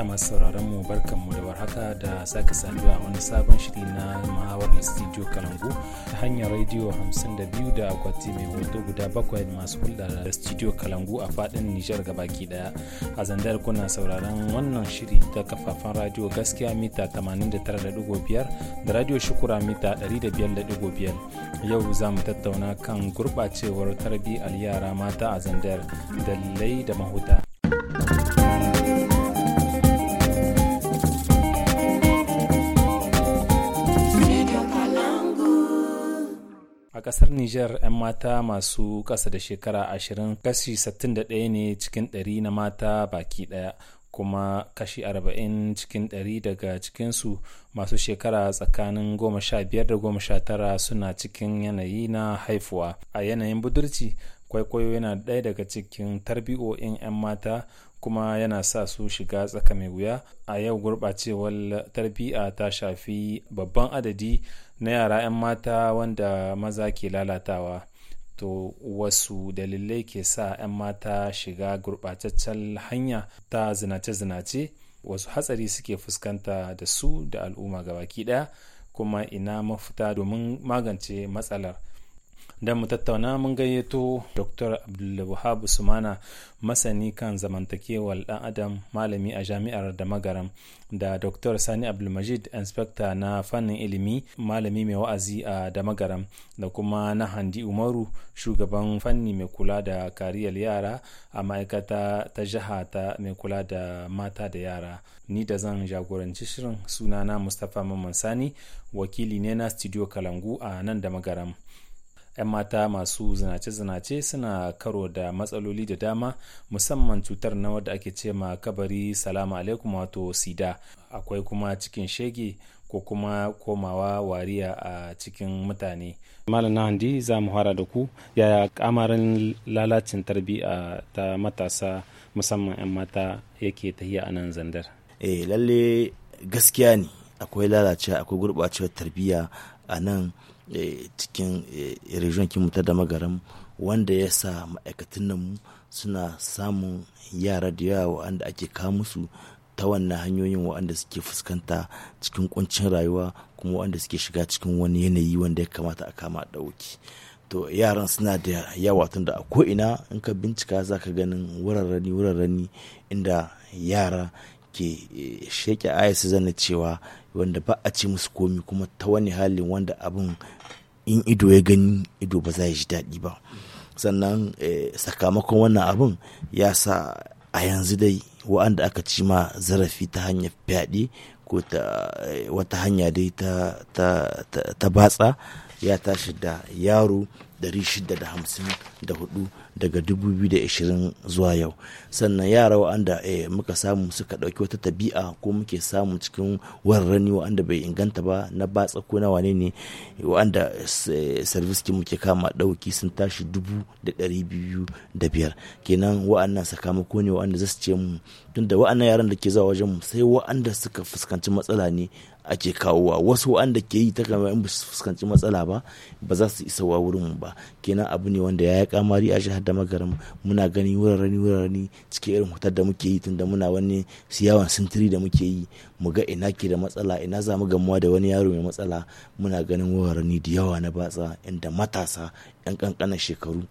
haka masu sauraron mu mu da warhaka da sake saduwa wani sabon shiri na mahawar studio kalangu ta hanyar radiyo 52 da akwati mai hoto guda bakwai masu hulɗa da studio kalangu a faɗin nijar baki daya a zandar kuna sauraron wannan shiri ta kafafen radio gaskiya mita 89.5 da radio shukura mita 105.5 yau za mu tattauna kan gurɓacewar tarbiyyar yara mata a zandar dalilai da mahuta a kasar niger 'yan mata masu kasa da shekara ashirin kashi 61 ne cikin 100 na mata baki daya kuma kashi arba'in cikin 100 daga cikinsu masu shekara tsakanin goma sha biyar da goma sha tara suna cikin yanayi na haifuwa a yanayin budurci kwaikwayo yana ɗaya daga cikin tarbiyoyin 'yan mata kuma yana sa su shiga tsaka mai wuya a yau gurɓacewar tarbiyya ta shafi babban adadi na yara 'yan mata wanda maza ke lalatawa to wasu dalilai ke sa 'yan mata shiga gurɓataccen hanya ta zinace-zinace wasu hatsari suke fuskanta da su da al'umma gabaki ɗaya kuma ina mafita domin magance matsalar da mu tattauna mun gayyato dr abdulwahab sumana masani kan zamantakewar dan adam malami a jami'ar da magaram da dr sani abdulmajid inspector na fannin ilimi malami mai wa'azi a da magaram da kuma na handi umaru shugaban fanni mai kula da kariyar yara a ma'aikata ta jiha ta mai kula da mata da yara ni da zan jagoranci shirin sunana mustapha mamman sani wakili ne na studio kalangu a nan da magaram 'yan mata masu zinace-zinace suna karo da matsaloli da dama musamman cutar na wadda ake ce ma kabari salamu alaikum wato sida akwai kuma cikin shege ko kuma komawa wariya a cikin mutane malam na handi za mu fara da ku yaya kamarin lalacin tarbiyya ta matasa musamman 'yan mata yake tahiya a nan zandar eh lalle gaskiya ne akwai lalacewa akwai gurɓacewar tarbiyya a nan E, cikin e, region kimu ta da magaram wanda ya sa ma'aikatan nan suna samun yara da yawa wa'anda ake kawo musu ta wannan hanyoyin wa'anda suke fuskanta cikin kuncin rayuwa kuma wa'anda suke shiga cikin wani yanayi wanda ya kamata a kama ɗauki to yaran suna da yawa tun da a ko'ina in ka bincika za ka ganin wurarrani wurarrani inda yara ke eh, sheke aya su zana cewa wanda ba a ci musu komi kuma ta wani halin wanda abin in ido ya gani ido ba za ya ji daɗi ba sannan eh, sakamakon wannan abin ya sa a yanzu dai wa'anda aka ci ma zarafi ta hanyar fyaɗe ko ta eh, wata hanya dai ta batsa ya tashi da yaro 654 daga 2020 zuwa yau sannan yara wa'anda eh, muka samu suka ɗauki wata tabi'a ko muke samu cikin warrani wa'anda bai inganta ba na batsa ko na wane ne wa'anda eh, service muke kama ɗauki sun tashi dubu biyar kenan wa'annan sakamako ne wa'anda za su ce mu tunda wa'annan yaran da ke zuwa wajen mu sai wa'anda suka fuskanci matsala ne ake kawowa wasu wanda ke yi ta kama in ba su fuskanci matsala ba ba za su isa wa wurin ba kenan abu ne wanda ya yi kamari a shahar da magaram muna gani wurarani wurarani cikin irin hutar da muke yi tun da muna wani siyawan sintiri da muke yi mu ga ina ke da matsala ina za mu gamuwa da wani yaro mai matsala muna ganin wurarani da yawa na batsa inda matasa 'yan kankanan shekaru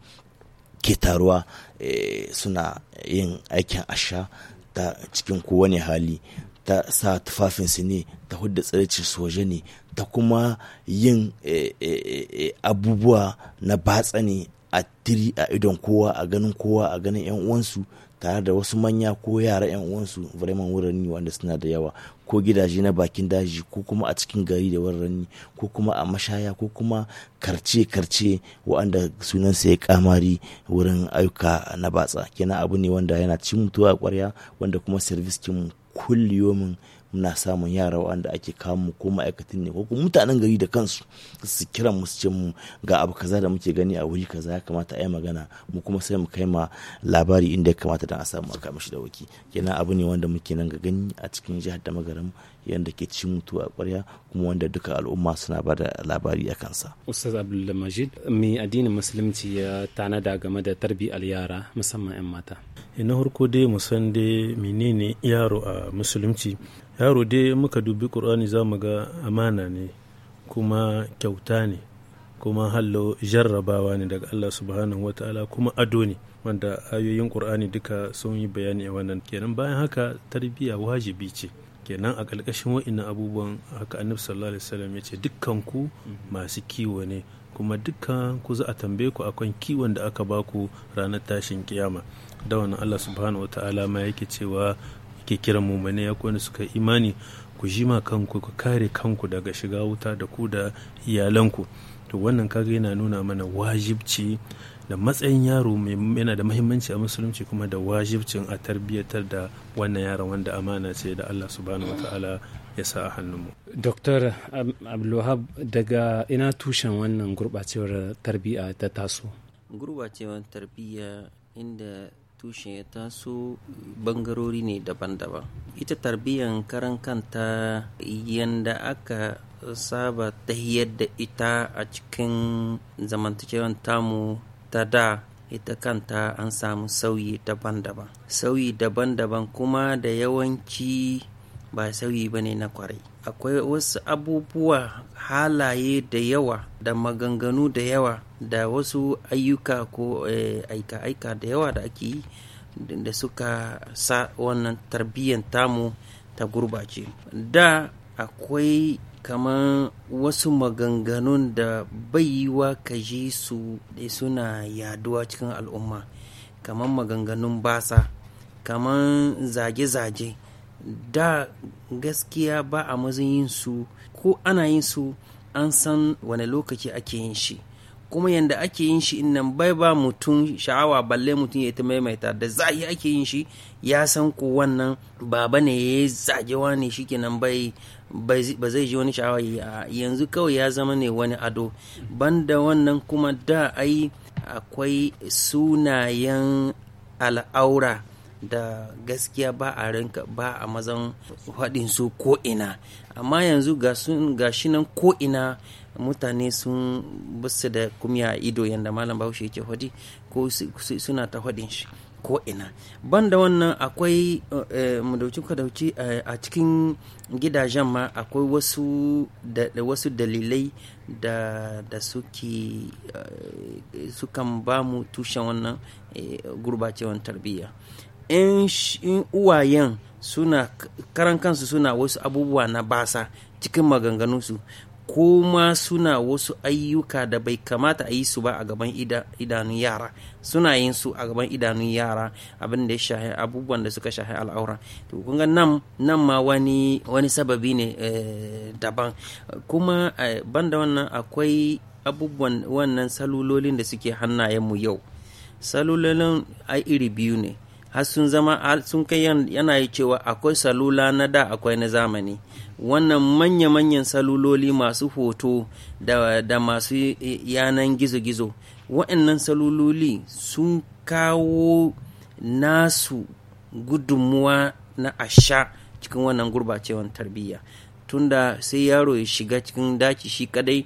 ke taruwa eh, suna yin aikin asha ta cikin kowane hali ta sa tufafinsu ne ta hudda tsiracin soja ne ta kuma yin eh, eh, eh, abubuwa na batsa ne a tiri a idon kowa a ganin kowa a ganin 'yan uwansu tare da wasu manya ko yara 'yan uwansu vraiment wurin wanda suna da yawa ko gidaje na bakin daji ko kuma a cikin gari da wurin ko kuma a mashaya ko kuma karce karce wanda sunan ya kamari wurin ayyuka na batsa kenan abu ne wanda yana cin mutuwa kwarya wanda kuma service kin كل يوم muna samun yara wanda ake kawo mu ko ma'aikatan ne ko kuma mutanen gari da kansu su kiran mu su ce mu ga abu kaza da muke gani a wuri kaza ya kamata a yi magana mu kuma sai mu kai ma labari inda ya kamata don a samu a kama shi da waki kenan abu ne wanda muke nan ga gani a cikin jihar da magaram yadda ke cin mutu a kwarya kuma wanda duka al'umma suna ba da labari a kansa. Ustaz Abdulmajid me addinin musulunci ya tanada game da tarbiyyar yara musamman 'yan mata. Eh, na harko dai mu san dai menene yaro a musulunci yaro dai muka dubi ƙur'ani za mu ga amana ne kuma kyauta ne kuma hallo jarrabawa ne daga Allah subhanahu wa ta'ala kuma ado ne wanda ayoyin ƙur'ani duka sun yi bayani a wannan kenan bayan haka tarbiyya wajibi ce kenan a ƙarƙashin wa'innan abubuwan haka annabi sallallahu alaihi wasallam ya ce dukkanku masu kiwo ne kuma dukkan ku za a tambaye ku akan kiwon da aka baku ranar tashin kiyama da wannan Allah subhanahu wa ta'ala ma yake cewa ake kiran mummune ya kone suka imani ku jima kanku ku kare kanku daga shiga wuta da ku da iyalanku to wannan kaga yana nuna mana wajibci da matsayin yaro yana da mahimmanci a musulunci kuma da wajibcin a tarbiyyatar da wannan yaron wanda amana ce da Allah subhanahu wataala ya sa a hannunmu. Dr. Abdulwahab daga ina tushen wannan gurbacewar tarbiyya ta taso. Gurbacewar tarbiyya inda tushen ya taso bangarori ne daban-daban ita tarbiyyar karan kanta yadda aka saba ta da ita a cikin zamantakewar tamu ta da ita kanta an samu sauyi daban-daban sauyi daban-daban kuma da yawanci ba sauyi ba ne na kwarai akwai wasu abubuwa halaye da yawa da maganganu da yawa da wasu ayyuka ko eh, aika-aika da yawa da ake yi da suka sa wannan tarbiyyar tamu ta gurbace da akwai kamar wasu maganganun da baiwa ka ji su suna yaduwa cikin al'umma kamar maganganun basa kamar zage-zage da gaskiya ba a mazin yin su ko ana yin su an san wane lokaci ake yin shi kuma yanda ake yin shi nan bai ba mutum sha'awa balle mutum ya ta maimaita da zahi ake yin shi ya san ko wannan baba ne ya zagewa ne kenan bai ba zai ji wani sha'awa yanzu kawai ya zama ne wani ado banda wannan kuma da ai akwai sunayen al'aura da gaskiya ba a rinka ba a mazan haɗin su ko'ina amma yanzu ga shi nan ko'ina mutane sun basu da kumya a ido yadda malam bahaushe yake hodi ko suna ta hodin shi ko ina ban da wannan akwai eh, eh, a cikin gidajen ma akwai wasu dalilai da da suke eh, sukan ba mu tushen wannan gurbacewan tarbiyya in uwayen suna karan kansu suna wasu abubuwa na basa cikin maganganunsu ko ma suna wasu ayyuka da bai kamata a yi su ba a gaban idanun yara suna yin su a gaban idanun yara abin da ya shahi abubuwan da suka shahi al'aura to kun ga nan nan ma wani sababi ne eh, daban kuma eh, banda wannan akwai abubuwan wannan salulolin da suke mu yau salulolin ai iri biyu ne har sun zama sun kai yana yi cewa akwai salula na da akwai na zamani wannan manya-manyan saluloli masu hoto da, da masu yanan gizo-gizo waɗannan saluloli sun kawo nasu gudunmuwa na asha cikin wannan gurbacewan tarbiyya tunda sai yaro ya shiga cikin daki shi kadai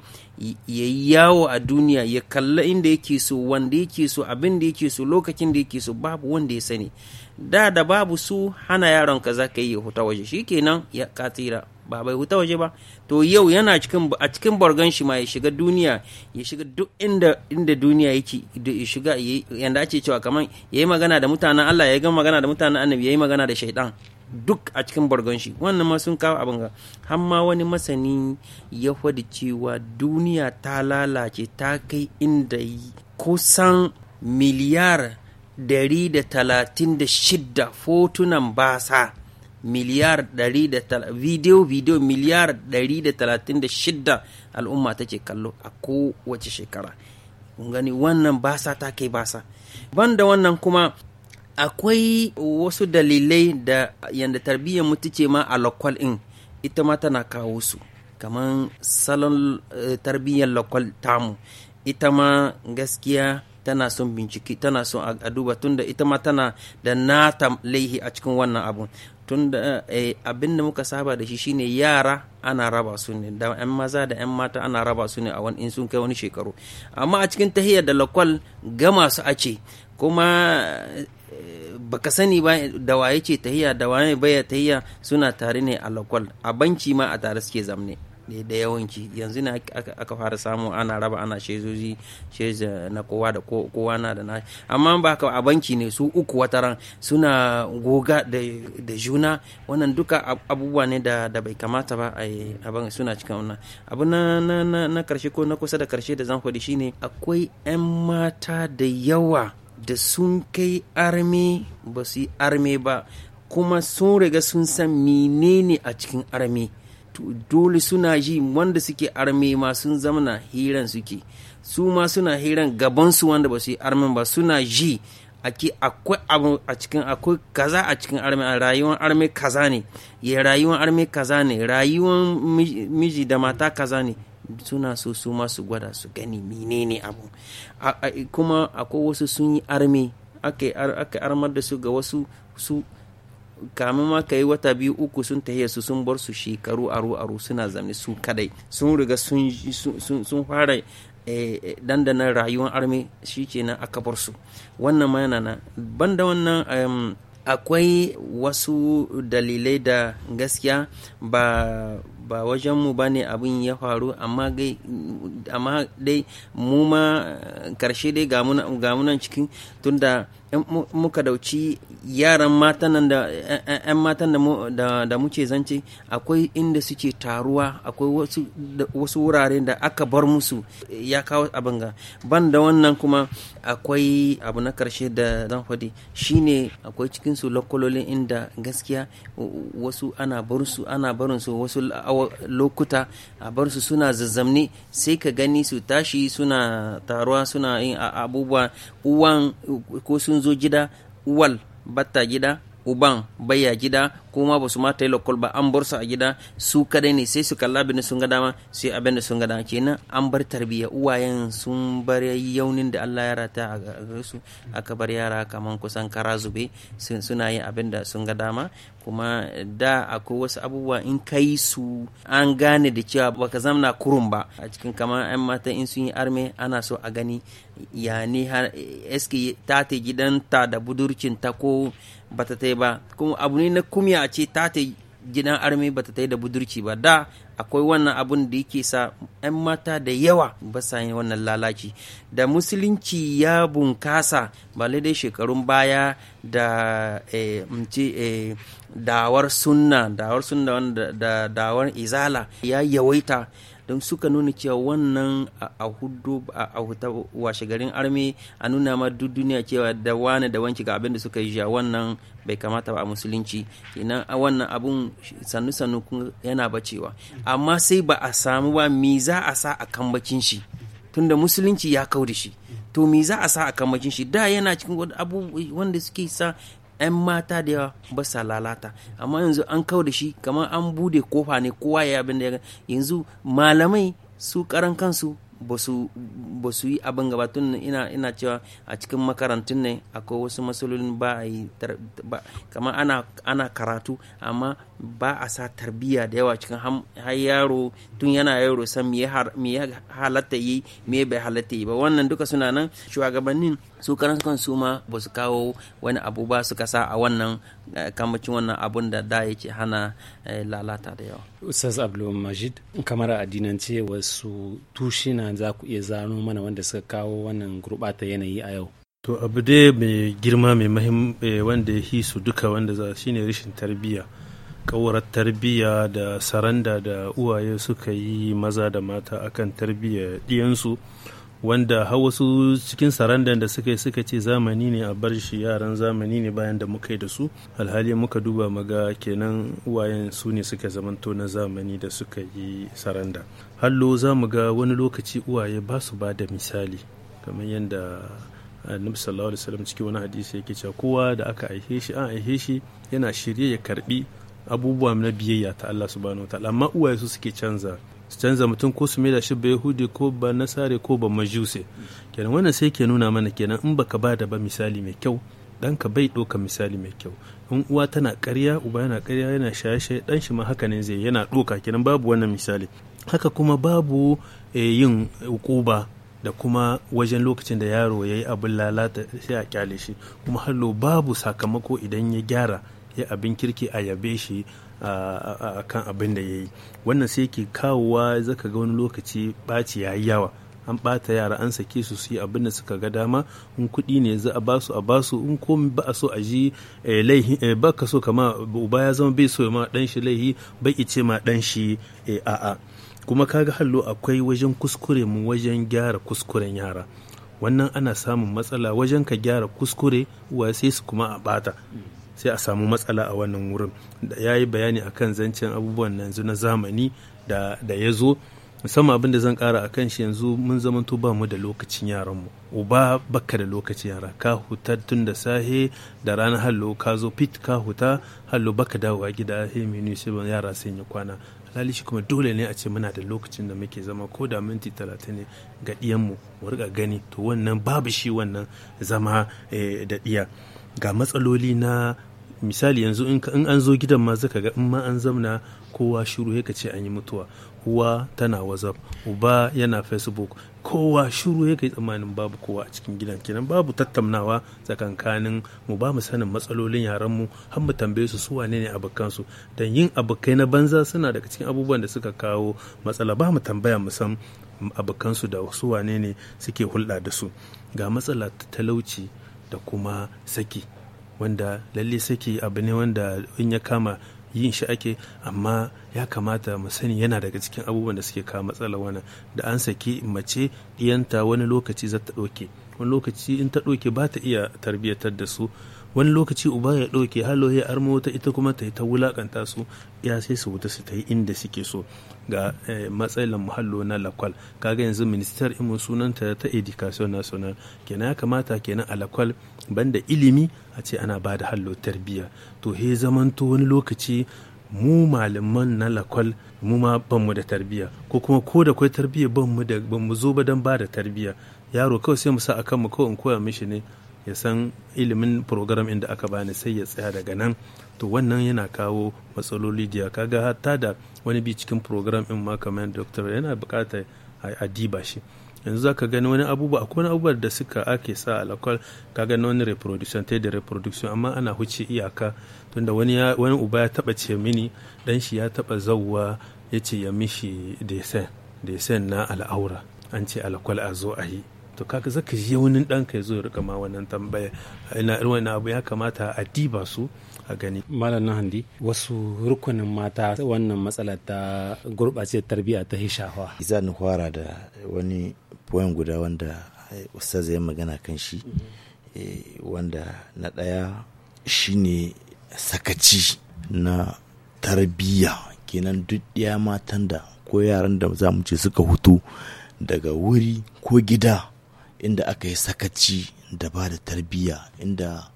ya yawo a duniya ya kalla inda yake so wanda yake so abin da yake so lokacin da yake so babu wanda ya sani da da babu su hana yaron ka za ka yi huta waje shikenan ya katira ba bai huta waje ba to yau yana a cikin bargan shi ma ya shiga duniya ya shiga duk inda duniya yake ya shiga yanda ake cewa ya yayi magana da mutanen Allah ya yi magana da mutanen Annabi yayi magana da shaidan duk a cikin bargon shi wannan ma sun kawo abin ga har wani masani ya faɗi cewa duniya ta lalace ta kai inda yi kusan miliyar 136 fotunan basa miliyar 136 video video miliyar 136 al'umma ta ce kallo a kowace shekara gani wannan basa ta kai basa banda wannan kuma akwai wasu dalilai da yadda tarbiyyar mu ce ma a lokal in ita ma tana kawo su kamar salon eh, tarbiyyar lokal tamu ita ma gaskiya tana son bincike tana son a duba tunda ita ma tana da nata laihi a cikin wannan abun tunda eh, abin da muka saba da shi shine yara ana raba su ne da 'yan maza da 'yan mata ana raba su ne a wani in sun kai wani shekaru amma a cikin tahiyar da lokal gama su ace kuma baka sani ba da waye ce tahiya da waye ne baya tahiya suna tare ne a lokal a banki ma a tare suke zamne da yawanci yanzu ne aka fara samu ana raba ana shezoji sheza na kowa da kowa na da nashi amma ba ka a banki ne su uku ran suna goga da juna wannan duka abubuwa ne da bai kamata ba a banki suna cikin wannan abu na karshe ko na kusa da karshe da zan faɗi shine akwai 'yan mata da yawa da sun kai arme ba su yi arme ba kuma sun riga sun san menene a cikin arme dole suna ji wanda suke arme ma sun zamana hiran suke su ma suna hiran gabansu wanda ba su yi armen ba suna ji ake akwai abu a cikin akwai kaza a cikin arme rayuwar arme kaza ne ya rayuwar arme kaza ne rayuwar miji da mata kaza ne suna so su ma gwada su gani menene abu kuma akwai wasu sun yi arme aka armar da su ga wasu su kamin ma ka yi wata biyu uku sun tahiya su sun bar su shekaru aro aro suna zamne su kadai sun riga sun fara eh, eh, dandanan rayuwar arme na aka bar su wannan ma yana na banda wannan akwai wasu dalilai da gaskiya ba ba wajen ba ne abin ya faru amma dai mu ma eh, karshe dai munan cikin tunda muka dauci yaran matan nan da eh, eh, matan da muke zance akwai inda suke taruwa akwai wasu wurare da aka bar musu ya kawo abin ga ban da wannan kuma akwai abu na karshe da zan faɗi shine akwai cikinsu lokololin inda gaskiya wasu ana barinsu wasu lokuta a bar su suna zazzamni sai ka gani su tashi suna taruwa suna yin abubuwa uwan ko sun zo gida uwal batta gida uban baya gida kuma ba su ma ta yi lokol ba an bar su a gida su kadai ne sai su kalla abin sun ga dama sai yi abin sun ga dama kenan an bar tarbiyya uwayen sun bar yaunin da Allah ya rata a gare su aka bar yara kaman kusan kara zube suna yin abin da sun ga dama kuma da akwai wasu abubuwa in kai su an gane da cewa baka zamna kurun ba a cikin kamar 'yan mata in sun yi arme ana so a gani ya ne har eske ta ta gidanta da budurcin ta ko bata ta ba kuma abu ne na kumya a ce ta ta gidan armi bata ta yi da budurci ba da akwai wannan abun da yake sa 'yan mata da yawa ba sa yin wannan lalaci da musulunci ya bunkasa ba dai shekarun baya da eh, ce eh, dawar sunna dawar sunna da dawar izala ya yawaita don suka nuna cewa wannan a hudu a huta washe garin arme a nuna ma duk duniya cewa da wane da wanki ga abin da suka yi ja wannan bai kamata ba a musulunci kenan a wannan abun sannu sannu yana bacewa amma sai ba a samu ba mi za a sa a kambacin shi tunda musulunci ya kau da shi to mi za a sa a kambacin shi da yana cikin wanda suke sa 'yan mata da yawa ba sa lalata amma yanzu an kau da shi kamar an bude kofa ne kowa ya abin da yanzu malamai su karan kansu ba su yi abin gaba tun ina cewa a cikin makarantun ne akwai wasu matsalolin ba a yi kamar ana ana karatu amma ba a sa tarbiyya da yawa cikin har yaro tun yana yaro san me ya halatta yi me bai halatta yi ba wannan duka suna nan shugabannin su karan su ma ba su kawo wani abu ba su kasa a wannan Eh, kamacin wannan abun da da yake hana eh, lalata da yawa. Ustaz abdulmajid Majid kamar a addinance wasu tushina na za ku iya zano mana wanda suka kawo wannan gurɓata yanayi a yau. To abu dai mai girma mai mahim eh, wanda ya hisu duka wanda za shine rashin tarbiyya. Ƙawarar tarbiyya da saranda da uwaye suka yi maza da mata akan tarbiyya ɗiyansu. wanda har wasu cikin sarandan da suka yi suka ce zamani ne a bar shi yaran zamani ne bayan da muka yi da su alhali muka duba maga kenan wayan su ne suka zamanto na zamani da suka yi saranda hallo za mu ga wani lokaci uwaye ba su ba da misali kamar yadda annabi sallallahu alaihi wasallam cikin wani hadisi yake cewa kowa da aka aihe shi an aihe shi yana shirye ya karbi abubuwa na biyayya ta Allah subhanahu wataala amma uwaye su suke canza su canza mutum ko su da shi yahudi ko ba nasare ko ba majuse kenan wannan sai ke nuna mana kenan in baka ba da ba misali mai kyau ka bai doka misali mai kyau in uwa tana karya uba yana karya yana shaye-shaye ɗan shi ma haka ne zai yana doka kenan babu wannan misali haka kuma babu eh, yin ukuba da kuma wajen lokacin da yaro ya yi abin lalata sai a kyale shi kuma hallo babu sakamako idan ya gyara ya abin kirki a yabe shi a kan abin da ya yi wannan sai ke kawowa zaka ga wani lokaci ɓaci ya yi yawa an ɓata yara an sake su su yi abin da suka ga dama in kuɗi ne za a ba su a ba su in ko ba a so a ji eh, laihi eh, ba ka so kama uba ya zama bai so ma ɗan shi laihi bai ice ma ɗan shi eh, a'a kuma kaga hallo akwai wajen kuskure mu wajen gyara kuskuren yara wannan ana samun matsala wajen ka gyara kuskure wa sai su kuma a ɓata sai a samu matsala a wannan wurin ya yi bayani akan zancen abubuwan yanzu na zamani da ya zo musamman abin da zan kara a kan shi yanzu mun zamanto ba mu da lokacin yaranmu uba baka da lokacin yara ka huta tun da sahe da ranar hallo ka zo fit ka huta hallo baka dawowa gida he menu sai ban yara sun yi kwana alhali shi kuma dole ne a ce muna da lokacin da muke zama ko da minti talatin ne ga diyanmu mu riƙa gani to wannan babu shi wannan zama eh, da diya ga matsaloli na misali yanzu in an zo gidan ma zaka ga in ma an zamna kowa shiru ya ka ce an yi mutuwa uwa tana whatsapp uba yana facebook kowa shiru ya kai tsammanin babu kowa a cikin gidan kenan babu tattaunawa tsakankanin mu ba mu sanin matsalolin yaran mu har mu tambaye su su wane ne abokan su dan yin abokai na banza suna daga cikin abubuwan da suka kawo matsala ba mu tambaya mu san abokan su da su wane ne suke hulɗa da su ga matsala talauci da kuma saki wanda lalle saki abu ne wanda in ya kama yin shi ake amma ya kamata mu sani yana daga cikin abubuwan da suke kawo matsala wannan da an saki mace ɗiyanta wani lokaci za ta ɗauke wani lokaci in ta ɗauke ba ta iya tarbiyyatar da su wani lokaci uba ya ɗauke halo ya armo ta ita kuma ta yi ta wulakanta su ya sai su wuta su ta yi inda suke so ga eh, matsayin muhallo na lakwal kaga yanzu ministar imu sunanta ta education national kenan ya kamata kenan a lakwal banda ilimi a ce ana ba da hallo tarbiyya to he zamanto wani lokaci mu malaman na lakwal mu ma banmu da tarbiyya ko kuma ko da kai tarbiyya banmu da banmu zo ba don ba da tarbiyya yaro kawai sai mu sa akan mu kawai in koya mishi ne ya san ilimin program inda aka bani sai ya tsaya daga nan to wannan yana kawo matsaloli da kaga hatta da wani bi cikin program in ma kamar doctor yana bukatar a diba shi yanzu za ka gani wani abubuwa akwai wani abubuwa da suka ake sa alakwal ka gani wani reproduction ta da reproduction amma ana huce iyaka tunda wani wani uba ya taba ce mini dan shi ya taba zauwa ya ce ya mishi desen desen na al'aura an ce alakwal a zo a yi to kaga zaka je wani ɗanka ka zo rika ma wannan tambaya ina irin abu ya kamata a diba su a gani. Malam na handi. wasu rukunin mata wannan matsala ta gurɓace tarbiyya ta hishawa. Zan fara da wani poem guda wanda Ustaz ya magana kan shi, eh, wanda na ɗaya shine sakaci na tarbiyya kenan duk ɗaya matan da ko yaran da za mu ce suka hutu daga wuri ko gida inda aka yi sakaci da ba da tarbiyya inda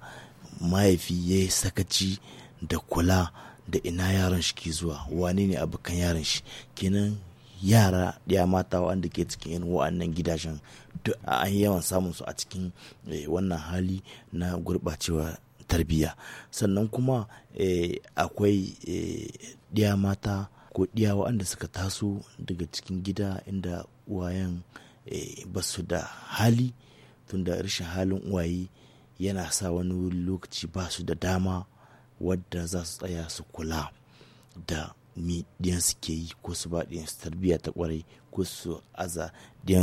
mahaifi ya yi sakaci da kula da ina yaron shi ke zuwa wani ne abokan yaron shi kenan yara ya mata wanda ke cikin yin wa'annan gidajen duk an yawan samun su a cikin eh, wannan hali na gurɓacewa tarbiyya sannan kuma eh, akwai eh, ɗiya mata ko ɗiya wa'anda suka taso daga cikin gida inda wayan Eh, ba su da hali tunda rashin halin uwaye yana sa wani lokaci ba su da dama wadda za su tsaya su kula da mi su ke yi ko su ba su tarbiyya ta ƙwarai ko su aza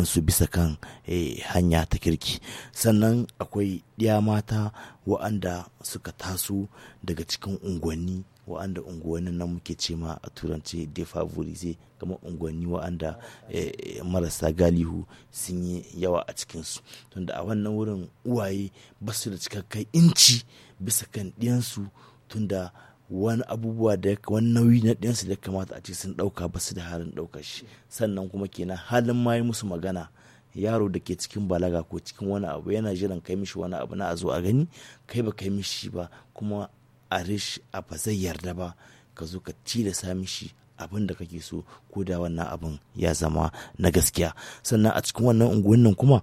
su bisa kan eh, hanya ta kirki sannan akwai ɗiya mata wa'anda suka taso daga cikin unguwanni wa'anda unguwanni nan muke ce ma a turanci defavorize kamar unguwanni wa'anda eh, eh, marasa galihu sun yi yawa a cikinsu tunda a wannan wurin uwaye ba su da cikakkai inci bisa kan ɗiyansu tunda wani abubuwa da wani nauyi na ɗiyansu da kamata a ce sun ɗauka ba su da halin ɗauka shi sannan kuma kenan halin ma yi musu magana yaro da ke cikin balaga ko cikin wani abu yana jiran kai mishi wani abu na a zo a gani kai ba kai mishi ba kuma a rish a ba zai yarda ba ka zo ka ci da mishi abin da kake so ko da wannan abin ya zama na gaskiya sannan a cikin wannan unguwannin kuma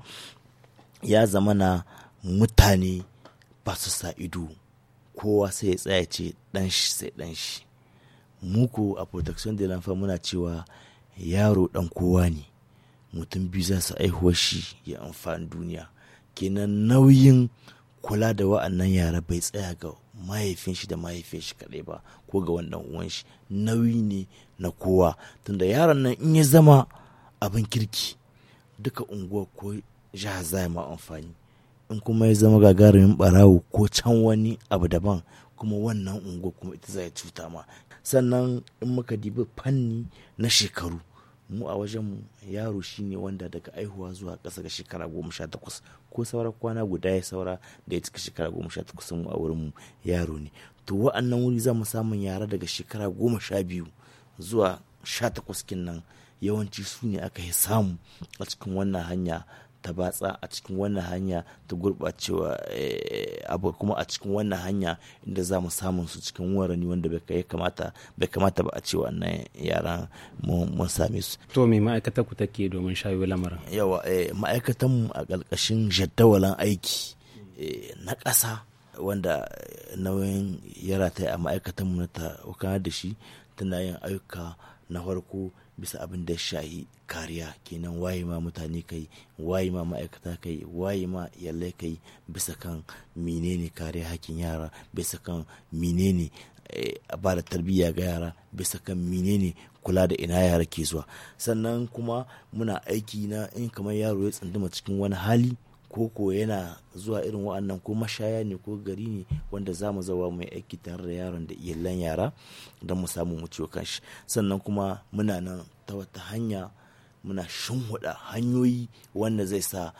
ya zama na mutane ba su sa ido kowa sai ya tsaya ce dan shi sai dan shi muku a protection de l'enfant muna cewa yaro dan kowa ne mutum biyu za su aihuwar shi ya amfani duniya kenan nauyin kula da wa'annan yara bai tsaya ga mahaifin shi da mahaifin shi kaɗai ba ko ga wannan uwan shi nauyi ne na kowa tunda yaron nan in ya zama abin kirki duka unguwa ko jiha za ma amfani in kuma ya zama gagarumin barawo ko can wani abu daban kuma wannan unguwa kuma ita za cuta ma sannan in muka dibi fanni na shekaru mu a wajen yaro shine wanda daga aihuwa zuwa ƙasa ga shekara goma sha takwas ko saura kwana guda ya saura da ya cika shekara goma sha takwas mu a wurinmu yaro ne to wa'annan wuri za mu samun yara daga shekara goma sha biyu zuwa sha takwas kinnan yawanci su ne aka yi samu a cikin wannan hanya ta batsa a cikin wannan hanya ta gurɓacewa eh, abu kuma a cikin wannan hanya inda za mu samun su cikin warani wanda bai kamata bai kamata ba a cewa wannan yaran mun same su to me ma'aikatar ku take domin shayo lamarin yawa eh, ma'aikatan mu a ƙarƙashin jadawalin aiki eh, na ƙasa wanda nauyin yara ta a ma'aikatan mu ta da shi tana yin ayyuka na farko bisa abin da shayi kariya kenan waye ma mutane kai waye ma ma'aikata kai waye ma yalle kai bisa kan menene kariya hakkin yara bisa kan menene eh, ba da tarbiyya ga yara bisa kan menene kula da ina yara ke zuwa sannan kuma muna aiki na in kamar yaro ya tsunduma cikin wani hali koko yana zuwa irin wa'annan ko mashaya ne ko gari ne wanda za mu zawa mai aiki tare da yaron da iyalan yara don mu samu mu ciwo kanshi sannan kuma muna nan ta wata hanya muna huda hanyoyi wanda zai sa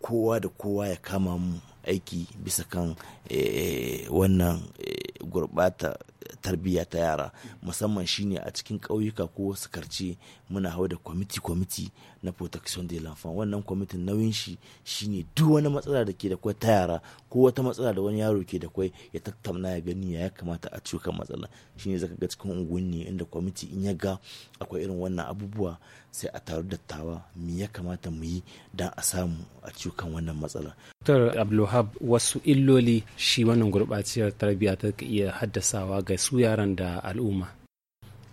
kowa da kowa ya kama mu aiki bisa kan eh, wannan eh, gurbata tarbiyya ta yara musamman shine a cikin ƙauyuka ko wasu karci muna hau da kwamiti kwamiti na protection de l'enfant wannan kwamitin nauyin shi shine duk wani matsala da ke da kwai ta yara ko wata matsala da wani yaro ke da kwai ya tattauna ya gani ya kamata a ciwo kan matsala shine zaka ga cikin unguwanni inda kwamiti in ya ga akwai irin wannan abubuwa sai a taru dattawa me ya kamata mu yi don a samu a ciwo kan wannan matsala Dr. Abdulwahab wasu illoli shi wannan gurɓacewar tarbiyya ta iya haddasawa ga kai su yaran da al'umma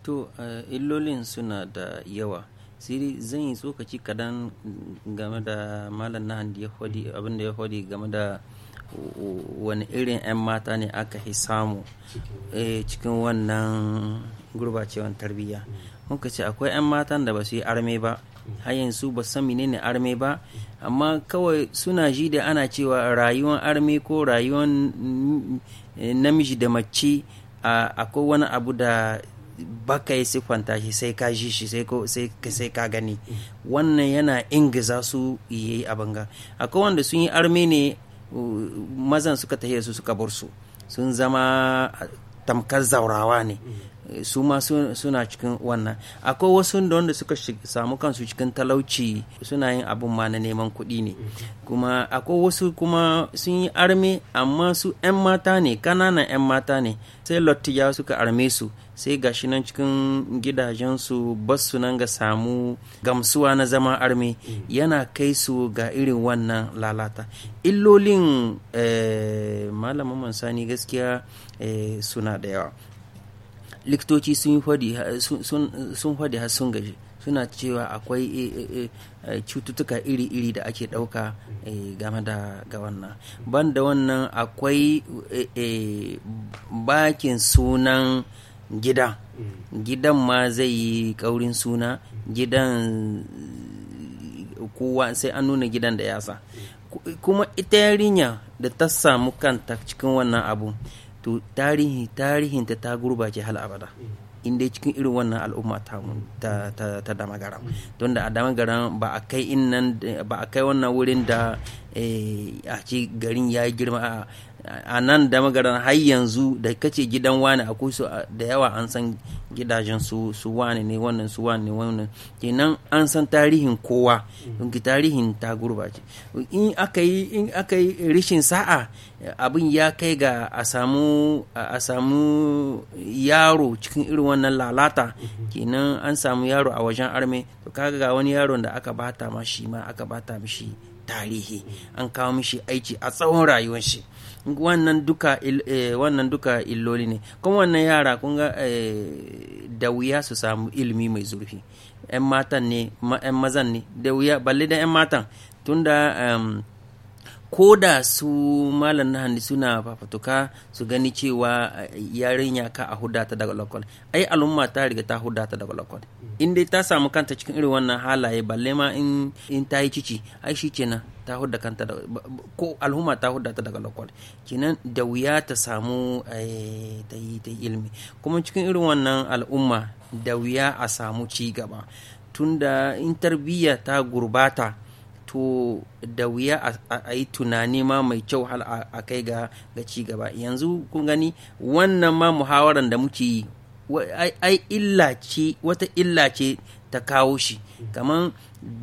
to illolin suna da yawa siri zan yi tsokaci kadan game da malam nahan da ya hodi abin da ya hodi game da wani irin 'yan mata ne aka fi samu eh, cikin wannan gurbacewan tarbiyya muka ce akwai 'yan matan da ba su yi arme ba har yanzu ba san menene arme ba amma kawai suna ji da ana cewa rayuwar arme ko rayuwar eh, namiji da mace akwai wani abu da baka yi siffanta shi sai ka ji shi sai ka gani wannan yana ingiza su yi a banga akwai wanda sun yi arme ne mazan suka tahiyar su suka bar su sun zama tamkar zaurawa ne su ma suna cikin wannan akwai wasu da wanda suka samu kansu cikin talauci suna yin abun ma na neman kuɗi ne kuma akwai wasu kuma sun yi arme amma su 'yan mata ne kananan 'yan mata ne sai lottiya suka arme su sai gashi nan cikin gidajensu basu nan ga samu gamsuwa na zama arme yana kai su ga irin wannan lalata illolin eh, malamin sani gaskiya eh, suna da yawa likitoci sun faɗi har sun gaji suna cewa akwai eh, eh, eh, cututtuka iri-iri da ake ɗauka game da ga wannan ban da wannan akwai bakin sunan gida gidan ma zai yi kaurin suna gidan kowa sai an nuna gidan da yasa kuma ita yarinya da ta samu kanta cikin wannan abu to tarihin tarihinta ta gurbace hal abada inda cikin irin wannan al'umma ta ta ta, don da a damagaram ba a kai ba a kai wannan wurin da eh, a ci garin ya girma a nan da magaran har yanzu da kace gidan wani akwai su da yawa an san gidajen su su wani ne wannan su wani ne wannan kenan an san tarihin kowa ki tarihin ta gurbace in aka yi in aka yi rishin sa'a abin ya kai ga a samu a samu yaro cikin irin wannan lalata kenan an samu yaro a wajen arme to kaga ga wani yaro da aka bata ma shi ma aka bata mishi tarihi an kawo mishi aiki a tsawon rayuwar shi wannan duka eh, wannan duka illoli ne kuma wannan yara kun ga eh, da wuya su samu ilimi mai zurfi 'yan matan ne 'yan mazan ne da wuya balle da 'yan matan tunda um, ko da su malam na hannu suna fafatuka su gani cewa eh, yarinya ka a hudata daga lokal ai al'umma ta riga ta hudata daga lokal mm. in dai ta samu kanta cikin irin wannan halaye balle ma in ta yi cici ai shi kenan ta huda kanta da ko al'umma ta hudda ta daga lokal kenan da wuya ta samu eh, ta yi ta ilimi kuma cikin irin wannan al'umma da wuya a samu ci gaba tunda in tarbiyya ta gurbata to da wuya a yi tunani ma mai kyau hal a kai ga ci gaba yanzu kun gani wannan ma muhawaran da muke yi ai illa ce wata illa ce ta kawo shi kamar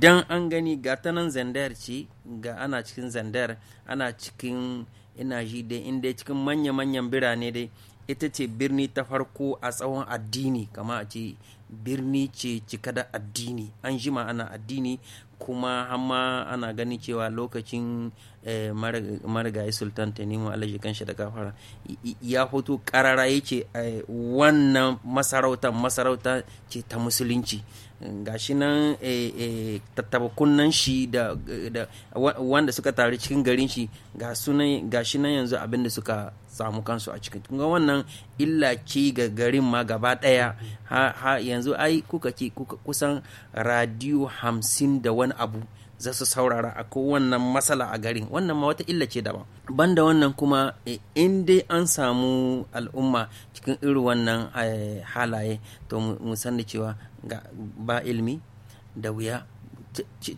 dan an gani ga ta nan zandar ce ga ana cikin zandar ana cikin ina ji dai inda cikin manya-manyan birane dai ita ce birni ta farko a tsawon addini kama a ce birni ce cika da addini an jima ana addini kuma hamma ana gani cewa lokacin eh, marigayi sultan tanimu alaji kanshi da kafara ya hoto karara ya ce eh, wannan masarautar masarauta ce ta musulunci gashi nan eh, eh, tattaba shi da wanda suka taru cikin garin shi gashi nan yanzu abinda suka samu kansu a cikin ga wannan illa ga garin ma gaba daya yanzu ai kuka ce kusan radiyo hamsin da wani abu za su saurara a kowannan matsala a garin wannan ma wata illa ce daban banda wannan kuma eh, in dai an samu al'umma cikin irin wannan eh, halaye to mu san da cewa ba ilmi da wuya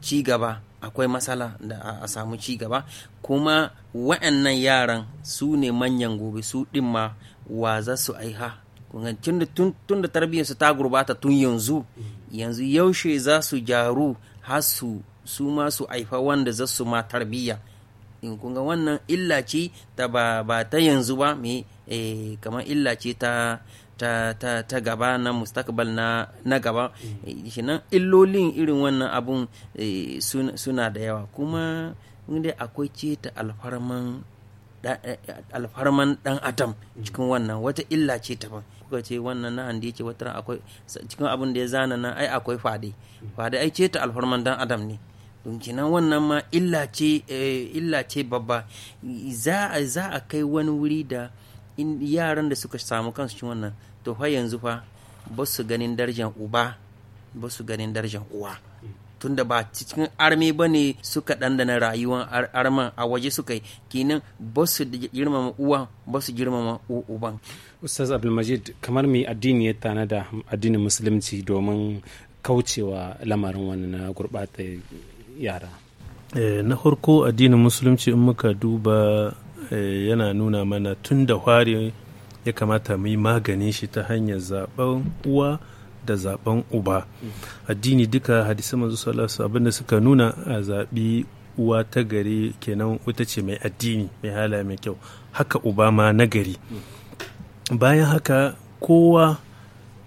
ci gaba akwai matsala da a samu ci gaba kuma wa'annan yaran su ne manyan gobe su ɗin ma wa za su aiha tun da tarbiyyarsu ta gurbata tun yanzu mm. yanzu yaushe za su gyaru har su su ma su aifa wanda za su ma tarbiyya in kunga wannan illa ce ta ba, ba ta yanzu ba mai e, eh, kamar illa ce ta ta, ta, ta gaba na mustakbal na, na gaba mm. eh, shi nan illolin irin wannan abun e, eh, suna, suna da yawa kuma inda akwai ce ta alfarman alfarman dan adam mm. cikin wannan wata illa ce ta ban kuka ce wannan na handi ce wata akwai cikin abin da ya zana nan ai akwai fade mm. fade ai ce ta alfarman dan adam ne dunki nan wannan ma illa ce eh, babba za a kai wani wuri da yaran da suka samu kansu cikin wannan to fa yanzu fa ba su ganin darajar uba ba su ganin darajar uwa tunda ba cikin arme ba ne suka dandana rayuwar arman a waje suka yi kinan ba su girmama uwa ba su girmama uban ustaz abdulmajid kamar mai addini ya da addinin musulunci domin kaucewa lamarin wani na gurɓata yara eh, na farko addinin musulunci in muka duba eh, yana nuna mana tun da hware ya kamata mu yi maganin shi ta hanyar zaben uwa da zaben uba addini duka hadisi manzo sallallahu abinda suka nuna a zaɓi uwa ta gari kenan wata ce mai addini mai hala mai kyau haka uba ma na gari bayan haka kowa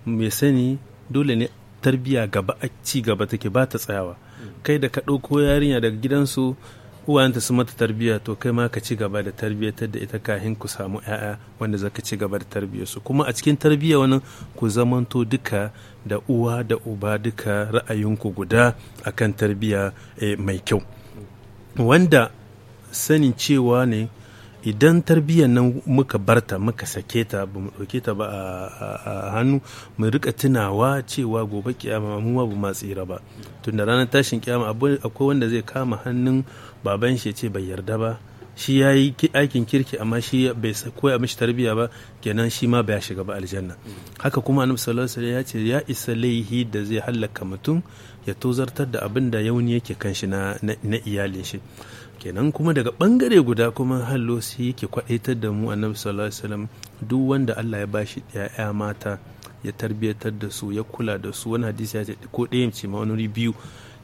mai sani dole ne tarbiya gaba a ci gaba take ba ta tsayawa kai da ka ɗauko yarinya daga gidansu uwayenta su mata tarbiyya to kai ma ka ci gaba da tarbiyyatar da ita kahin ku samu 'ya'ya wanda zaka ci gaba da tarbiyyarsu kuma a cikin tarbiyya wani ku zamanto duka da uwa da uba duka ra'ayinku guda akan tarbiyya eh, mai kyau wanda sanin cewa ne idan tarbiyyar nan muka barta muka sake ta ba mu ɗauke ta ba a hannu mu rika tunawa cewa gobe kiyama mu ma ba tsira ba tun da ranar tashin kiyama akwai wanda zai kama hannun baban shi ce bai yarda ba shi ya yi aikin kirki amma shi bai koya mishi tarbiyya ba kenan shi ma bai shiga ba aljanna haka kuma annabi sallallahu alaihi ya ce ya isa laihi da zai hallaka mutum ya tozartar da abin da yauni yake kan shi na iyalin shi kenan kuma daga bangare guda kuma hallosi yake kwadaitar da mu annabi sallallahu alaihi wasallam duk wanda Allah ya bashi ya'ya mata ya tarbiyatar da su ya kula da su wani hadisi ya ce ko ɗaya ce ma wani biyu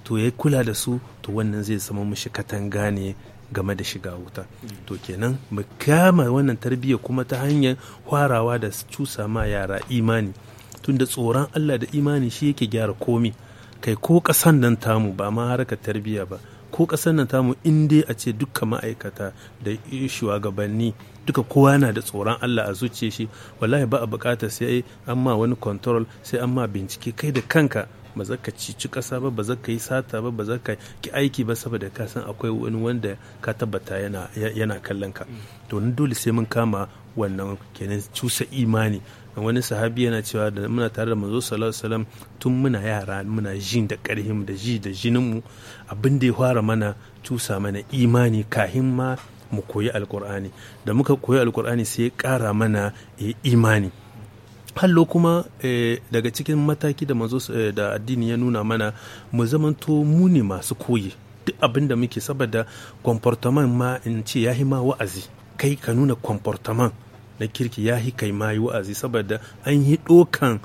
to ya kula da su to wannan zai zama mushi katanga ne game da shiga wuta to kenan mu kama wannan tarbiyya kuma ta hanyar hwarawa da cusa ma yara imani tunda tsoron Allah da imani shi yake gyara komi kai ko kasan nan tamu ba ma harkar tarbiyya ba ko ƙasar nan tamu in dai a ce dukkan ma'aikata da shugabanni duka kowa na da tsoron Allah a zuciya shi wallahi ba a bukata sai an ma wani control sai an ma bincike kai da kanka ba za ka cici ƙasa ba ba za ka yi sata ba ba za ka ki aiki ba saboda ka san akwai wani wanda ka tabbata yana yana kallon ka to dole sai mun kama wannan kenan cusa imani wani sahabi yana cewa da muna tare da manzo sallallahu alaihi wasallam tun muna yara muna jin da karhim da ji da jinin mu abin da ya fara mana cusa mana imani kahin ma mu koyi alkur'ani da muka koyi alkur'ani sai ya kara mana eh, imani hallo kuma eh, daga cikin mataki da manzo eh, addini ya nuna mana mu zamanto mu ne masu koyi duk abin da muke saboda comportement ma in ce yahi ma wa'azi kai ka nuna comportement na kirki yahi kai ma yi wa'azi saboda an yi dokan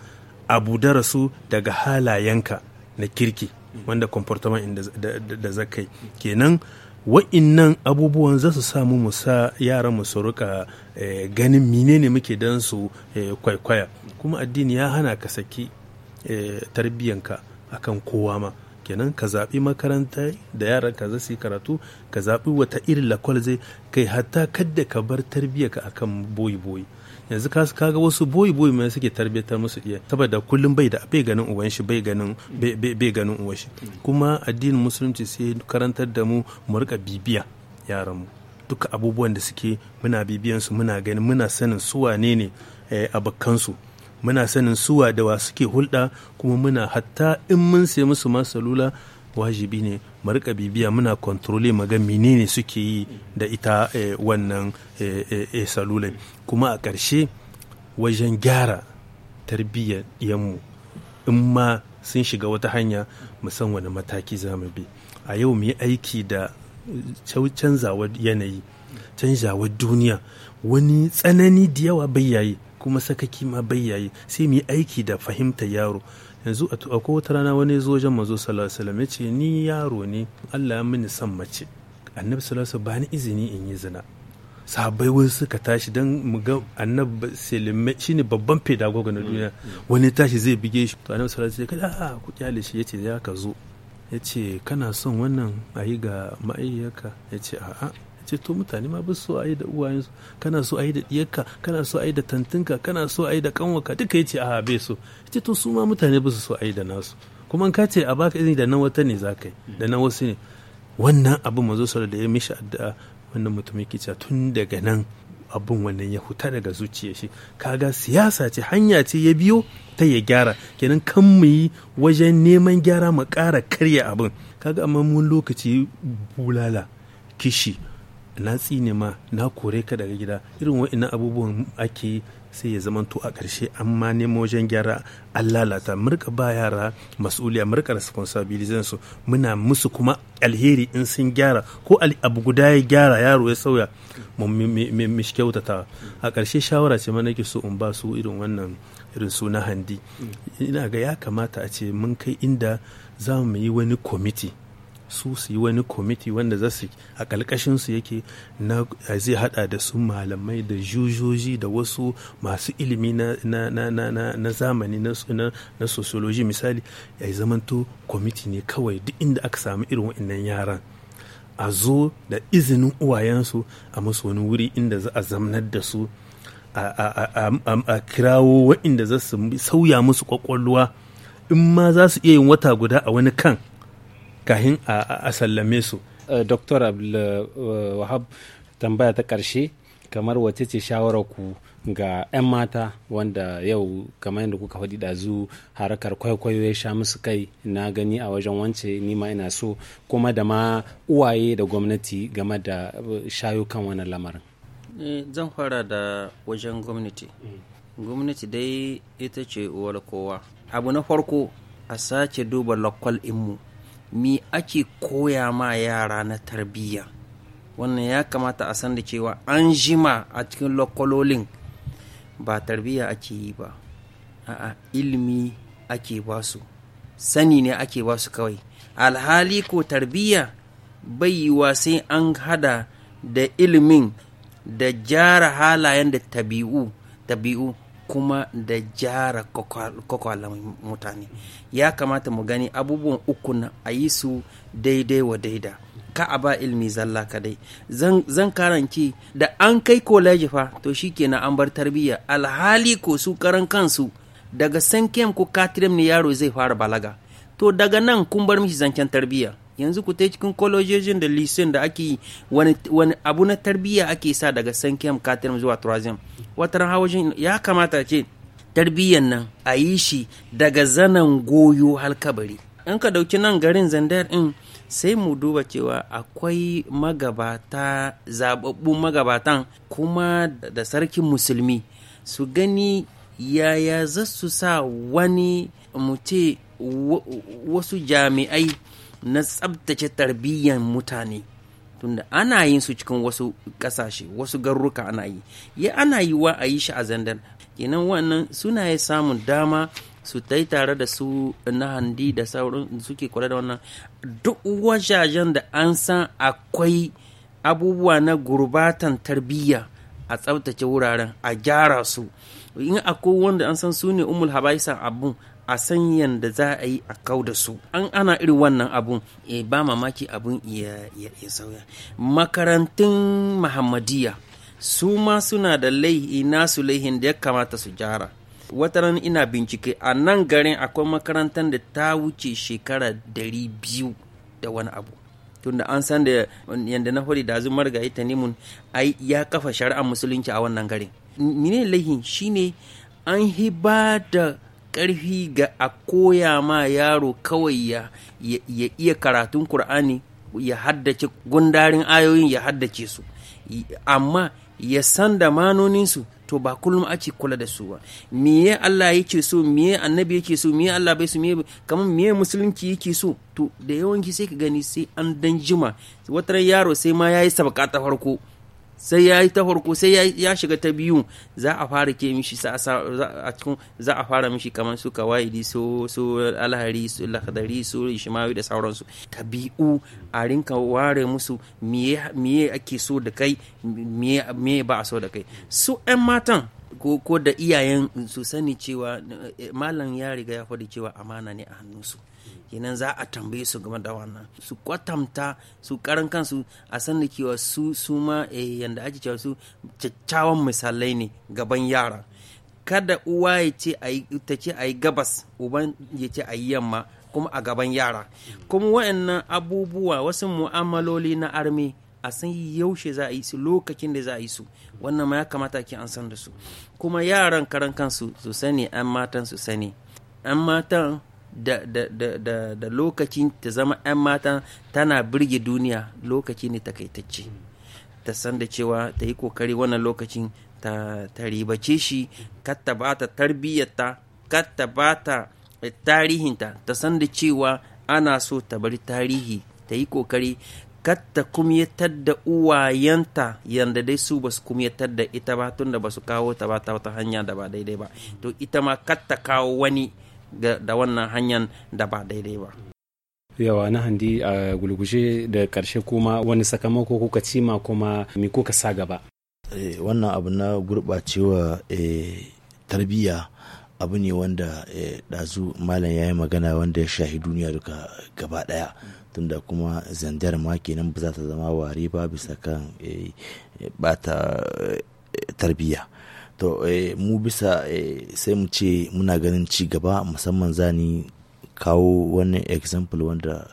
abu da rasu daga halayenka na kirki wanda comportment da zakai kenan wa'innan abubuwan za su samu mu sa yaran mu su rika eh, ganin menene muke dan su eh, kwaikwaya kuma addini ya hana ka saki eh, tarbiyyanka akan kowa ma kenan ka zaɓi makaranta da yaran ka su yi karatu ka zaɓi wata irin lakwal zai kai hatta kadda ka bar tarbiyyarka akan boyi boyi yanzu ka kaga wasu boyi boyi mai suke tarbiyyar musu iya saboda kullum bai da bai ganin uwan shi bai ganin bai ganin uwan shi kuma addinin musulunci sai karantar da mu mu rika bibiya yaran mu duka abubuwan da suke muna bibiyan su muna ganin muna sanin su wane ne eh, abokan su muna sanin suwa da wa suke hulɗa kuma muna hatta in mun sai musu ma salula wajibi ne mu rika bibiya muna kontrole maga menene suke yi da ita eh, wannan eh, eh, salulai kuma a ƙarshe wajen gyara tarbiyyar mu in ma sun shiga wata hanya mu san wani mataki za mu bi a yau mu yi aiki da canzawar yanayi canzawar duniya wani tsanani da yawa bai yayi kuma sakaki ma bai yayi sai mu yi aiki da fahimtar yaro yanzu a ko wata rana wani zo wajen manzo sallallahu alaihi ni yaro ne Allah ya mini san mace annabi sallallahu alaihi ba ni izini in yi zina sahabbai wani suka tashi don mu ga annabi shi ne babban pedagogo na duniya wani tashi zai bige shi to annabi sallallahu alaihi wasallam ya ah, ku kyale shi yace ya ka zo yace kana son wannan a yi ga ma'ayyaka yace a'a ce to mutane ma ba so a yi da uwayensu kana so a yi da diyarka kana so a yi da tantinka kana so a yi da kanwaka duka ya ce a bai so ce to su ma mutane ba so a yi da nasu kuma ka ce a baka izini da na wata ne za ka yi da na wasu ne wannan abin mazo sau da ya mishi addu'a wannan mutum yake cewa tun daga nan abin wannan ya huta daga zuciya shi kaga siyasa ce hanya ce ya biyo ta ya gyara kenan kan mu yi wajen neman gyara mu ƙara karya abin kaga amma mun lokaci bulala kishi na tsine ma na kore ka daga gida irin wa'annan abubuwan ake sai ya zamanto a ƙarshe an ma nemo wajen gyara an lalata murka ba yara mas'uliya murka responsibilizan su muna musu kuma alheri in sun gyara ko abu guda ya gyara yaro ya sauya mishkyautata a ƙarshe shawara ce mana so in ba su irin wannan irin suna handi ina ga ya kamata a ce mun kai inda za mu yi wani kwamiti su su yi wani kwamiti wanda za su a ƙalƙashin su yake na zai hada da su malamai da jujoji da wasu masu ilimi na zamani na na, misali ya zamanto kwamiti ne kawai duk inda aka samu irin wa'annan yaran a zo da izinin uwayensu a musu wani wuri inda za a zamanar da su a kirawo waɗanda za su sauya musu kwakwalwa in ma za su iya yin wata guda a wani kan kahin a sallame su eh, dr wahab tambaya ta ƙarshe kamar wace ce shawarar ku ga 'yan mata wanda yau kamar yadda kuka faɗi ɗazu harakar kwaikwayo ya sha musu kai na gani a wajen wance nima ina so kuma da ma uwaye da gwamnati game da eh, shayo kan wani lamarin eh, zan fara da wajen gwamnati mm. gwamnati dai ita ce uwar kowa abu na farko a sace duba lakwal inmu me ake koya ma yara na tarbiyya wannan ya kamata a san da cewa an jima a cikin lokololin ba tarbiyya ake yi ba a'a ilimi ake basu sani ne ake basu kawai alhali ko tarbiyya bai yiwa sai an hada da ilimin da jara halayen da tabi'u tabi'u kuma da jara kwakwalan mutane ya kamata mu gani abubuwan uku na a yi su daidai wa daida ka a ba ilmi zalla kadai zan karanci da an kai koleji fa to shi kenan an bar tarbiyya alhali ko su karan kansu daga sankem ko katirem ne yaro zai fara balaga to daga nan kun bar mishi zancen tarbiyya yanzu ku ta cikin kwalojejin da lisin da ake yi wani abu na tarbiyya ake sa daga sankiyam katin zuwa turazim wata hawajin ya kamata ce tarbiyyan nan a yi shi daga zanen goyo halkabari in ka dauki nan garin zandar in sai mu duba cewa akwai magabata zababbun magabatan kuma da sarkin musulmi su gani yaya za su sa wani mu ce wasu jami'ai na tsabtace tarbiyyar mutane tunda ana yin su cikin wasu ƙasashe wasu garuruka ana yi ya ana yi wa a yi shi a zandar kenan wannan suna ya samun dama su ta tare da su na handi da sauran suke kula da wannan duk wajajen da an san akwai abubuwa na gurbatan tarbiyya a tsabtace wuraren a gyara su in akwai wanda an san su ne umul habaisa abun a san yadda za a yi a kau da su an ana irin wannan abun e, ba mamaki abun ya, ya, sauya makarantun mahammadiyya su ma suna da laihi nasu laihin da ya kamata su jara ran ina bincike a nan garin akwai makarantar da ta wuce shekara dari biyu da wani abu tunda an san da yadda na hori da zumar ga ita nemun ya kafa shari'ar musulunci a wannan garin mine laihin shine an hiba da ƙarfi ga a koya ma yaro kawai ya iya karatun Kur'ani ya haddace gundarin ayoyin ya haddace su amma ya san da manoninsu to ba kullum a ake kula da su ba miye Allah yake so miye annabi yake so miye Allah bai so miye kamar miye musulunci yake so to da yawanci sai ka gani sai an dan jima wata yaro sai ma ya yi sabaka ta farko sai ya yi ta farko sai ya shiga ta biyu za a fara ke mishi za a fara mishi kamar su kawaidi so su alhari su lakadari su ishimawi da sauransu biyu a rinka ware musu miye ake so da kai miye ba a so da kai su 'yan matan ko da iyayen su sani cewa eh, malam ya riga ya faɗi cewa amana ne a hannunsu kenan za a tambaye su game da wannan su kwatamta su karan kansu a san da su su ma eh, yanda ake cewa su kyakkyawan misalai ne gaban yara kada uwa ya ce ta ce a yi gabas uban ya ce a yi yamma kuma a gaban yara kuma wa'annan abubuwa wasu mu'amaloli na armi a san yaushe za a yi su lokacin da za a yi su wannan ma ya kamata ki an san da su kuma yaran karan kansu su sani an matan su sani an matan da, da, da, da, da lokacin ta zama 'yan mata tana birge duniya lokaci ne takaitacce ta san da cewa ta yi kokari wannan lokacin ta, ribace shi kar ta ba ta tarbiyyarta kar ta ba ta tarihinta ta san da cewa ana so ta bari tarihi ta yi kokari katta kumyatar da uwayenta yanda dai su basu kumyatar da ita ba tunda basu kawo ta ba ta wata hanya da ba daidai ba to ita ma kar ta kawo wani da wannan hanyar da ba daidai ba yawa na handi a gulgushe da karshe kuma wani sakamako kuka cima kuma mi kuka sa gaba eh, wannan abu na gurɓacewa eh, tarbiyya abu ne wanda eh, ɗazu malam ya yi magana wanda ya shahi duniya duka gaba ɗaya tunda kuma zandar ma kenan ba za ta zama wari ba bisa kan bata tarbiyya to eh, mu bisa eh, sai mu ce muna ganin ci gaba musamman zani kawo wani example wanda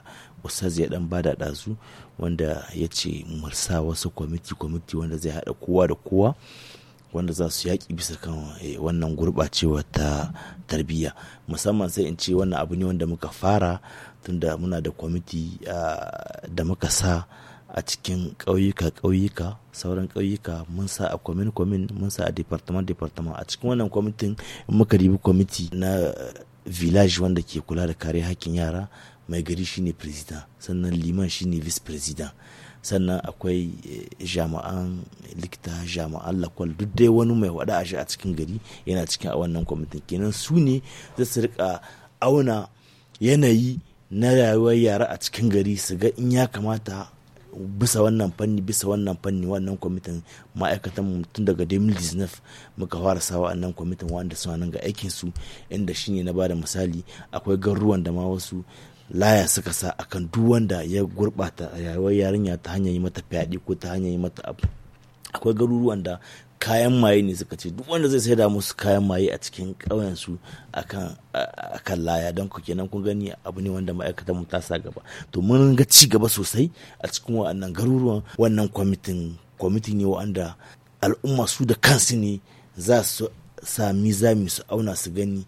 ustaz ya dan bada ɗazu wanda ya ce sa wasu kwamiti kwamiti wanda zai haɗa kowa da kowa wanda za su yaƙi bisa kan eh, wannan gurɓacewa ta tarbiyya musamman sai in ce wannan abu ne wanda muka fara tunda muna da kwamiti ah, da muka sa a cikin ƙauyuka-ƙauyuka sauran ƙauyuka mun sa a kwamin-kwamin mun sa a departement-departement a cikin wannan kwamitin muka ribi kwamiti na eh, village wanda ke kula da kare hakkin yara mai gari shine president sannan liman shine vice president sannan akwai eh, jama'an likita jama'an lakwal duk dai wani mai wada a a cikin gari yana cikin a wannan kwamitin kenan su ne za su rika auna yanayi na rayuwar yara a cikin gari su ga in ya kamata bisa wannan fanni bisa wannan fanni wannan kwamitin ma'aikatan tun daga 2019 muka fara sawa wannan kwamitin wanda suna nan ga aikin su inda shine na bada misali akwai garuruwan da ma wasu laya suka sa akan duk wanda ya gurbata rayuwar yarinya ta hanyar yi mata fyaɗe ko ta hanyar yi mata abu akwai garuruwan da kayan maye ne suka ce duk wanda zai saida musu kayan maye a cikin ƙauyen su akan akan laya don ku kenan kun gani abu ne wanda ma'aikatan mu ta sa gaba to mun ga ci gaba sosai a cikin wannan garuruwan wannan kwamitin ne wa'anda al'umma su da kansu ne za su sami zami su auna su gani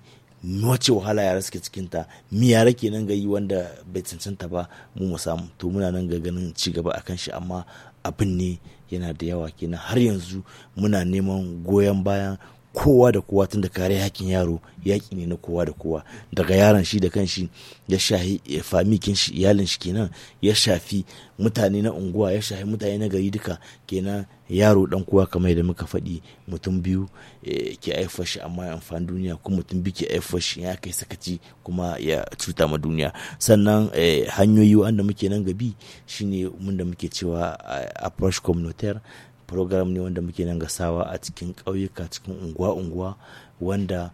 wace wahala yara suke cikinta mi yara kenan ga yi wanda bai cancanta ba mu mu samu to muna nan ga ganin ci gaba akan shi amma abin ne yana da yawa kenan har yanzu muna neman goyon bayan kowa da kowa tun da kare hakkin yaro yaƙi ne na kowa da kowa daga yaron shi da kanshi ya shafi eh, famikin shi iyalin shi kenan ya shafi mutane na unguwa ya shafi mutane na gari duka kenan yaro dan kowa kamar yadda muka faɗi mutum biyu eh, ke haifar shi amma ya amfani duniya kuma mutum biyu ke haifar shi ya kai sakaci kuma ya cuta ma duniya sannan eh, hanyoyi wanda muke nan gabi shine mun da muke cewa approach communautaire program ne wanda muke nan gasawa a cikin ƙauyuka cikin unguwa-unguwa wanda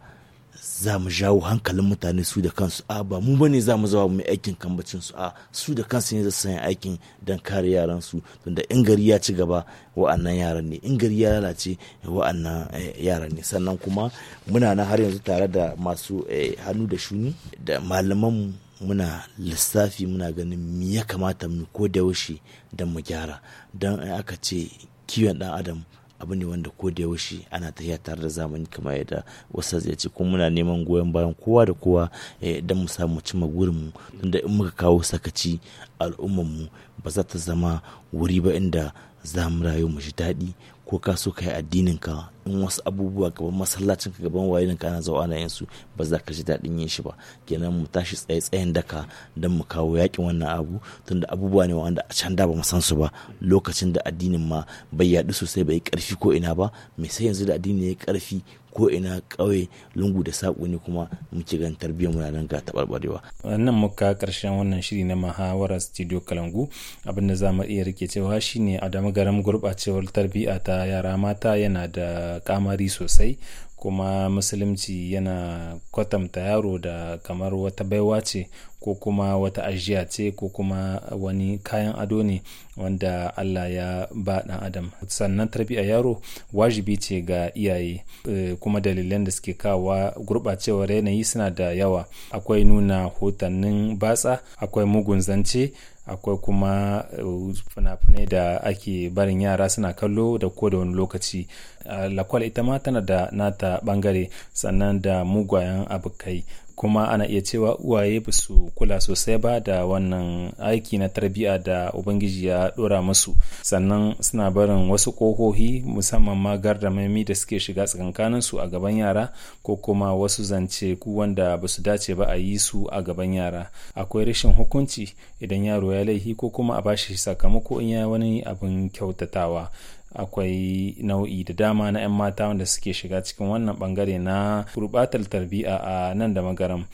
za mu jawo hankalin mutane su da kansu a ba mu bane za mu zawa mu aikin kambacin su a su da kansu ne za su sanya aikin don kare yaran su da in gari ya ci gaba wa'annan yaran ne in gari ya lalace wa'annan eh, yaran ne sannan kuma muna na har yanzu tare da masu eh, hannu da shuni da malaman muna lissafi muna ganin me ya kamata mu ko da yaushe don mu gyara don aka ce kiwon ɗan adam abu ne wanda ko da yaushe ana tafiya tare da zamani kamar yadda wasu zai ce kuma muna neman goyon bayan kowa da kowa eh, don mu samu cimma gurinmu tunda in muka kawo sakaci al'ummar mu ba za ta zama wuri ba inda za mu rayu mu ji daɗi ko ka so ka yi addininka in wasu abubuwa gaban masallacin ka gaban wayoyin ka ana zaune ana yin su ba za ka ji daɗin yin shi ba kenan mu tashi tsaye tsayen daka don mu kawo yakin wannan abu tunda abubuwa ne wanda a can da ba mu san su ba lokacin da addinin ma bai yaɗu sosai bai karfi ko ina ba me sai yanzu da addini ya karfi ko ina ƙauye lungu da saƙo ne kuma muke gan tarbiyyar mu nan ga taɓarɓarewa. wannan muka karshen wannan shiri na mahawara studio kalangu abinda za mu iya rike cewa shine a garam gurɓacewar tarbiyya ta yara mata yana da kamari sosai kuma musulunci yana kwatanta yaro da kamar wata baiwa ce ko kuma wata ajiya ce ko kuma wani kayan ado ne wanda Allah ya ba dan adam sannan tarbiyyar yaro wajibi ce ga iyaye eh, kuma dalilan da suke kawa gurɓacewar yanayi suna da yawa akwai nuna hotannin batsa akwai mugun zance akwai kuma eh, fina-finai da ake barin yara suna kallo da ko da wani lokaci eh, lakwal ita ma tana da nata bangare sannan da mugwayen abokai kuma ana iya cewa uwaye ba su kula sosai ba da wannan aiki na tarbiyya da ubangiji ya dora musu sannan suna barin wasu kohohi musamman ma gardamami da suke shiga tsakankanin su a gaban yara ko kuma wasu zance ku wanda ba su dace ba a yi su a gaban yara akwai rashin hukunci idan yaro ya laihi ko kuma a bashi sakamako in ya wani abin kyautatawa akwai nau'i da dama na 'yan mata wanda suke shiga cikin wannan bangare na gurbatar tarbiya a nan da magaram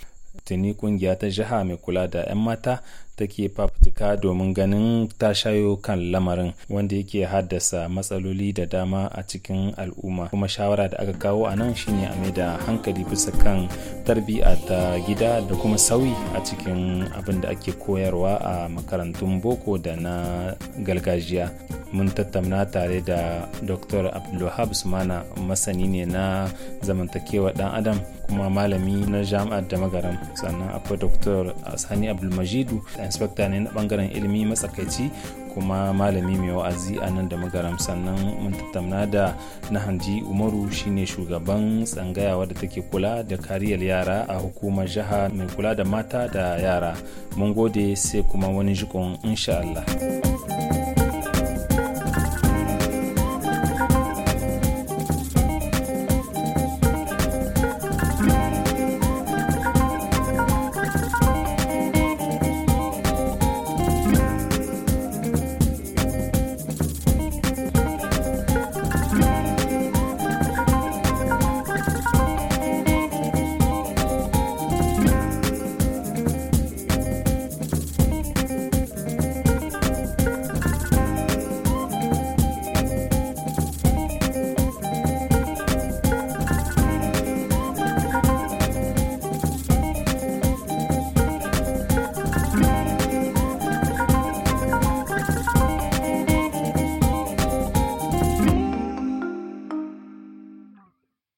tuni kungiya ta jiha mai kula da 'yan mata take fafutuka domin ganin ta shayo kan lamarin wanda yake haddasa matsaloli da dama a cikin al'umma kuma shawara da aka kawo a nan shine a mai da hankali bisa kan tarbiyya ta gida da kuma sauyi a cikin abin da ake koyarwa a makarantun boko da na gargajiya mun tattauna tare da dr abdulwahab sumana masani ne na zamantakewa dan adam kuma malami na jami'ar da magaram sannan akwai dr sani abdulmajidu inspector ne na bangaren ilimi matsakaici kuma malami mai wa'azi a nan da magaram sannan mun tattauna da nahanji umaru shine shugaban tsangayawa da take kula da kariyar yara a hukumar jiha mai kula da mata da yara mun gode sai kuma wani jikon insha Allah.